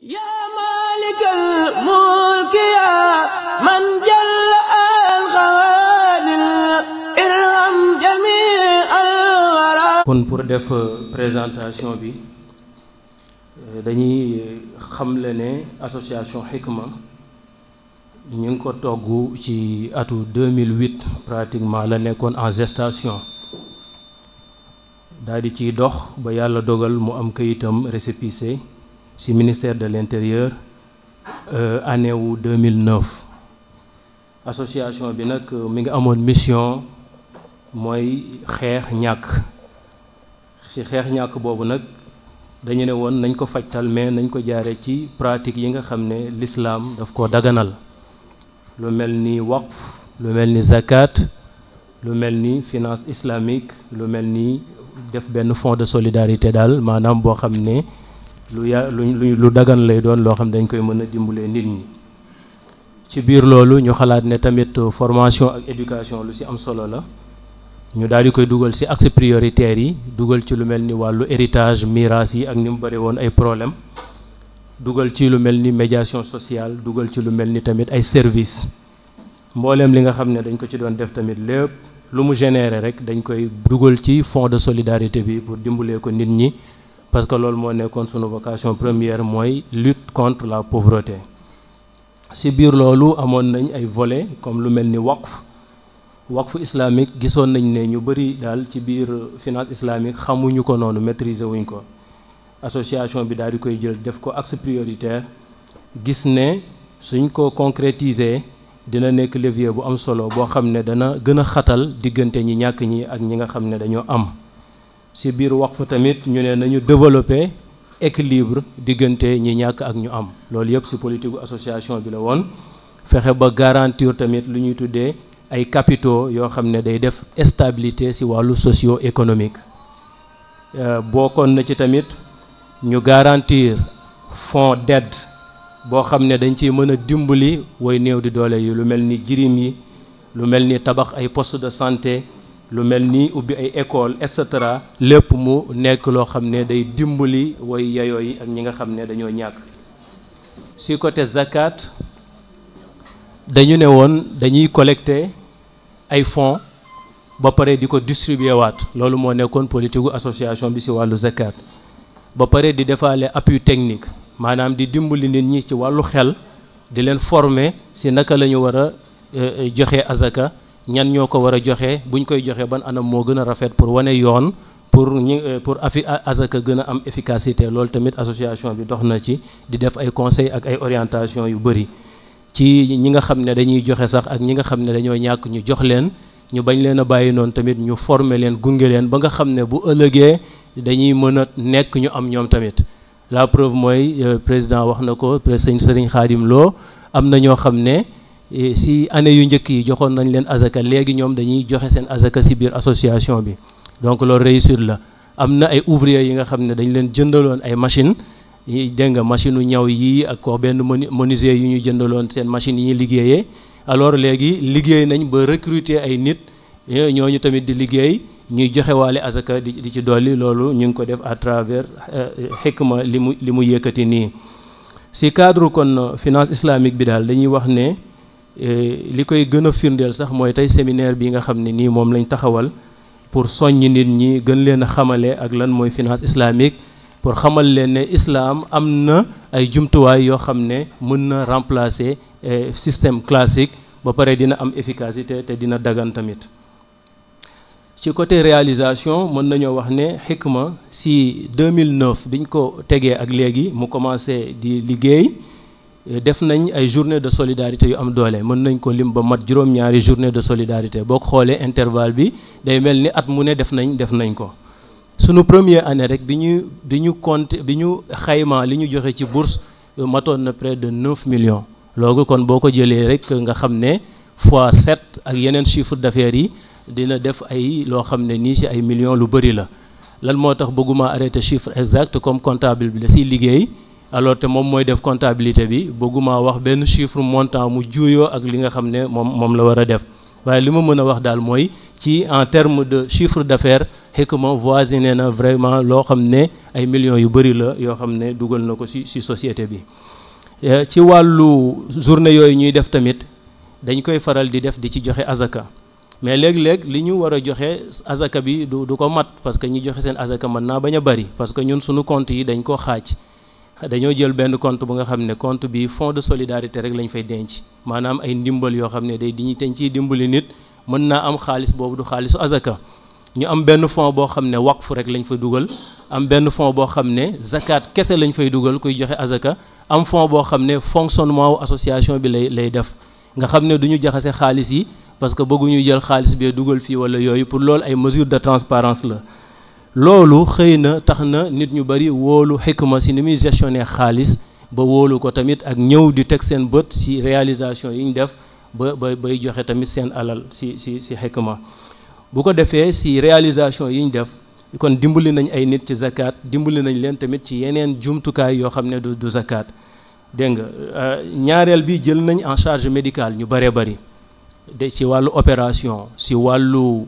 yaa maalikal mulki yaa man jàll al xawaadir irham jamii al waraa kon pour def euh, présentation bi euh, dañuy euh, xamle ne association Hikma ñu ngi ko toggu ci atu 2008 pratiquement la nekkoon en gestation daal di ciy dox ba yàlla dogal mu am kayitam récépissé ci ministère de l'intérieur euh, année wu 2009 association bi nag euh, mi ngi amoon mission mooy xeex ñàkk ci xeex ñàkk boobu nag dañu ne woon nañ ko fajtal mais nañ ko jaare ci pratique yi nga xam ne lislaam daf ko daganal lu mel ni waqf lu mel ni zakat lu mel ni finance islamique lu mel ni def benn fonds de solidarité daal maanaam boo xam ne lu ya lu lu dagan lay doon loo xam dañ koy mën a dimbalee nit ñi ci biir loolu ñu xalaat ne tamit formation ak éducation lu si am solo la ñu daal di koy dugal ci axe yi dugal ci lu mel ni wàllu héritage miraas yi ak ni mu bari woon ay problème dugal ci lu mel ni médiation sociale dugal ci lu mel ni tamit ay service mbooleem li nga xam ne dañ ko ci doon def tamit lépp lu mu généré rek dañ koy dugal ci fonds de solidarité bi pour dimbalee ko nit ñi parce que loolu moo nekkoon sunu vocation première mooy lutte contre la pauvreté si biir loolu amoon nañ ay volets comme lu mel ni waqf waqf islamique gisoon nañ ne ñu bëri daal ci biir finance islamique xamuñu ko noonu maîtriser wuñ ko association bi daal di koy jël def ko axe prioritaire gis ne suñ ko concrétiser dina nekk levier bu am solo boo xam ne dana gën a xatal diggante ñi ñàkk ñi ak ñi nga xam ne dañoo am si biir wax fu tamit ñu ne nañu développer équilibre diggante ñi ñàkk ak ñu am loolu yëpp si politique association bi la woon fexe ba garantir tamit lu ñuy tuddee ay capitaux yoo xam ne day def stabilité si wàllu socio économique euh, bokkoon na ci tamit ñu garantir fonds d'aide boo xam ne dañ ci mën a dimbali woy néew di doole yi lu mel ni jirim yi lu mel ni tabax ay post de santé lu mel ni ubbi ay école et cetera lépp mu nekk loo xam ne day dimbali way yayoo yi ak ñi nga xam ne dañoo ñàkk si côté zakat dañu ne woon dañuy collecter ay fonds ba pare di ko distribuer waat loolu moo nekkoon politique gu association bi si wàllu zakat ba pare di defaale appui technique maanaam di dimbali nit ñi ci wàllu xel di leen former si naka lañu ñu war a euh, euh, joxe azaka ñan ñoo ko war a joxe buñ koy joxe ban anam moo gën a rafet pour wane yoon pour ñi euh, pour afi asaka gën a am efficacité loolu tamit association bi dox na ci di def ay conseil ak ay orientation yu bëri ci ñi nga xam ne dañuy joxe sax ak ñi nga xam ne dañoo ñàkk ñu jox leen ñu bañ leen a bàyyi noonu tamit ñu former leen gunge leen ba nga xam ne bu ëllëgee dañuy mën a nekk ñu am ñoom tamit la preuve mooy euh, président wax na ko sëñ Serigne Khadim Lo am na ñoo xam ne si année yu njëkk yi joxoon nañ leen azaka léegi ñoom dañuy joxe seen azaka si biir association bi donc loolu réussir la am na ay ouvriers yi nga xam ne dañ leen jëndaloon ay machine dégg nga machine u ñaw yi ak ko benn menuisier yu ñu jëndaloon seen machines ñuy liggéeyee alors léegi liggéey nañ ba recruter ay nit ñooñu tamit di liggéey ñuy joxewaale waale azaka di di ci dolli loolu ñu ngi ko def à travers xikma euh, li mu li mu yëkkati nii si cadre kon finance islamique bi daal dañuy wax ne Eh, li koy gën a firndeel sax mooy tey séminaire bi nga xam ne nii moom lañ taxawal pour soññ nit ñi gën leen a xamale ak lan mooy finance islamique pour xamal leen ne islaam am na ay jumtuwaay yoo xam ne mën na remplacer eh, système classique ba pare dina am efficacité te dina dagan tamit ci côté réalisation mën nañoo wax ne xikma si 2009 biñ ko tegee ak léegi mu commencé di liggéey def nañ ay journée de solidarité yu am doole mën nañ ko lim ba mat juróom-ñaari journée de solidarité boo ko xoolee intervalle bi day mel ni at mu ne def nañ def nañ ko sunu premier année rek bi ñuy bi ñu kont bi ñu xayma li ñu joxe ci bourse matoon na près de 9 millions loolu kon boo ko jëlee rek nga xam ne fois 7 ak yeneen chiffre d'affaires yi dina def ay loo xam ne nii si ay millions lu bëri la lan moo tax bëgguma arrêter chiffre exact comme bi la siy liggéey alors te moom mooy def comptabilité bi bëgguma wax benn chiffre montant mu juuyoo ak li nga xam ne moom moom la war a def waaye li ma mën a wax daal mooy ci en terme de chiffre d'affaires Hikma voisiné na vraiment loo xam ne ay millions yu bëri la yoo xam ne dugal na ko ci ci société bi euh, ci wàllu journée yooyu ñuy def tamit dañ koy faral di def di ci joxe azaka mais léeg-léeg li ñu war a joxe azaka bi du du ko mat parce que ñi joxe seen azaka mën naa bañ a que ñun suñu compte yi dañ ko xaaj dañoo jël benn compte bu nga xam ne compte bi fonds de solidarité rek lañ fay denc maanaam ay ndimbal yoo xam ne day di ñu teñ ciy dimbali nit mën naa am xaalis boobu du xaalisu azaka ñu am benn fonds boo xam ne fu rek lañ fa dugal am benn fonds boo xam ne zakat kese lañ fay dugal kuy joxe azaka am fonds boo xam ne fonctionnement association bi lay lay def nga xam ne du ñu jaxase xaalis yi parce que bëgguñu jël xaalis bee dugal fii wala yooyu pour loolu ay mesures de transparence la loolu xëy na tax na nit ñu bari wóolu ma si ni muy gestionné xaalis ba wóolu ko tamit ak ñëw di teg seen bët si réalisation yi ñu def ba ba bay joxe tamit seen alal si si si xikma bu ko defee si réalisation yi ñu def kon dimbali nañ ay nit ci zakat dimbali nañ leen tamit ci yeneen jumtukaay yoo xam ne du du zakat dégg nga euh, ñaareel bi jël nañ en charge médical ñu bëree bëri de si wàllu opération si wàllu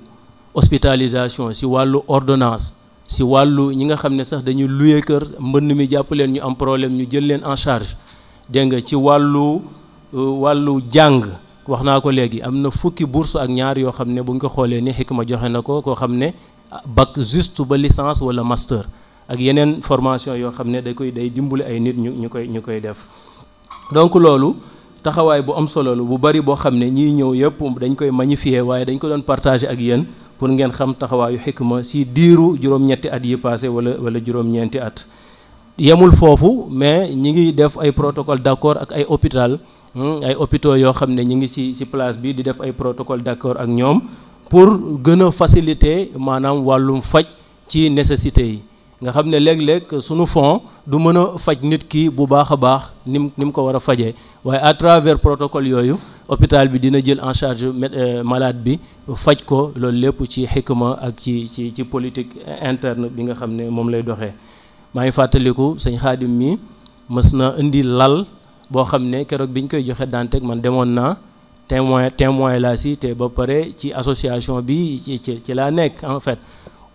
hospitalisation si wàllu ordonnance si wàllu ñi nga xam ne sax dañu luye kër mbënn mi jàpp leen ñu am problème ñu jël leen en charge dégg nga ci wàllu euh, wàllu jàng wax naa ko léegi am na fukki bourse ak ñaar yoo xam ne bu ñu ko xoolee ni xikma joxe na ko koo xam ne bac juste ba licence wala master ak yeneen formation yoo xam ne da koy day dimbali ay nit ñu ñu koy ñu koy def donc loolu taxawaay bu am solo lu bu bari boo xam ne ñiy ñëw yëpp dañ koy magnifier waaye dañ ko doon partager ak yéen pour ngeen xam taxawaayu xikma si diiru juróom-ñetti at yi passé wala wala juróom-ñeenti at yemul foofu mais ñi ngi def ay protocole d'accord ak ay hôpital hmm, ay hôpitaux yoo xam ne ñi ngi ci ci place bi di def ay protocole d'accord ak ñoom pour gën a faciliter maanaam wàllum faj ci nécessité yi nga xam ne léeg-léeg sunu fond du mën a faj nit ki bu baax a baax ni mu ni mu ko war a fajee waaye à travers protocole yooyu hôpital bi dina jël en charge euh, malade bi faj ko loolu lépp ci xikma ak ci ci ci politique interne bi nga xam ne moom lay doxe maa ngi fàttaliku sëñ xaadim mi mës na indi lal boo xam ne keroog bi ñu koy joxe Dantec man demoon naa témoin témoin laa si te ba pare ci association bi ci ci laa nekk en fait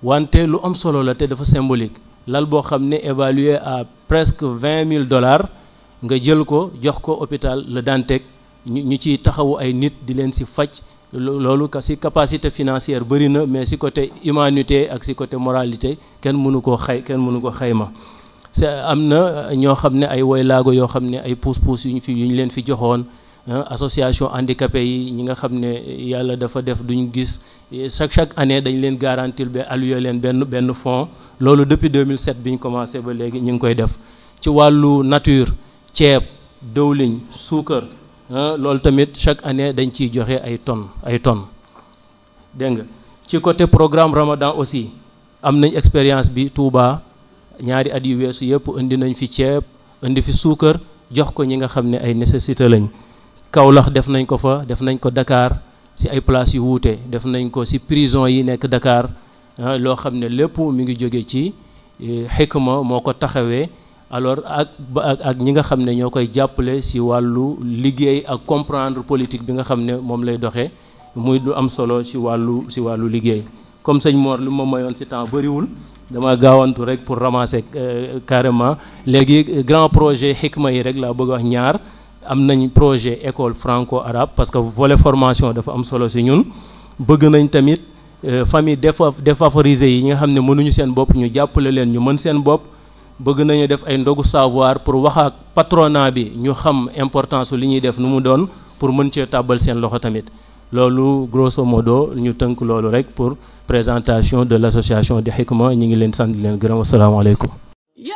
wante lu am solo la te dafa symbolique lal boo xam ne évalué à presque vingt mille dollars nga jël ko jox ko hôpital Le Dantec ñu ñu ciy taxawu ay nit di leen si faj loolu si capacité financière bëri na mais si côté humanité ak si côté moralité kenn mënu koo xay kenn mënu ko xayma c'est am na ñoo xam ne ay laago yoo xam ne ay puus-puus yu ñu fi yu ñu leen fi joxoon association handicapé yi ñi nga xam ne yàlla dafa def duñu gis chaque chaque année dañ leen garantir ba leen benn benn fonds loolu depuis mille bi ñu commencé ba léegi ñu ngi koy def ci wàllu nature ceeb dëwliñ suukar loolu tamit chaque année dañ ciy joxe ay tonnes ay tonnes dégg nga ci côté programme Ramadan aussi am nañ expérience bi Touba ñaari at yu weesu yëpp indi nañ fi ceeb indi fi suukar jox ko ñi nga xam ne ay nécessité lañ. Kaolack def nañ ko fa def nañ ko dakaar si ay places yu wuute def nañ ko si prison yi nekk dakaar ah, loo xam ne lépp mi ngi jóge ci eh, xikma moo ko taxawee alors ak ak ñi nga xam ne ñoo koy jàppale si wàllu liggéey ak comprendre politique bi nga xam ne moom lay doxee muy du am solo si wàllu si wàllu liggéey comme sëñ Mor li ma mayoon si temps bëriwul dama gaawantu rek pour ramasser eh, carrément léegi grand projet xikma yi rek laa bëgg wax ñaar am nañ projet école franco-arabe parce que volet formation dafa am solo si ñun bëgg nañ tamit euh, famille défa défavorisées yi nga xam ne mënuñu seen bopp ñu jàppale leen ñu mën seen bopp bëgg nañu def ay ndogu savoir pour wax ak patronat bi ñu xam importance li ñuy def nu mu doon pour mën cee tàbbal seen loxo tamit loolu grosso modo ñu tënk loolu rek pour présentation de l'association di Hikma ñu ngi leen sandi leen gërëm asalaamaaleykum ya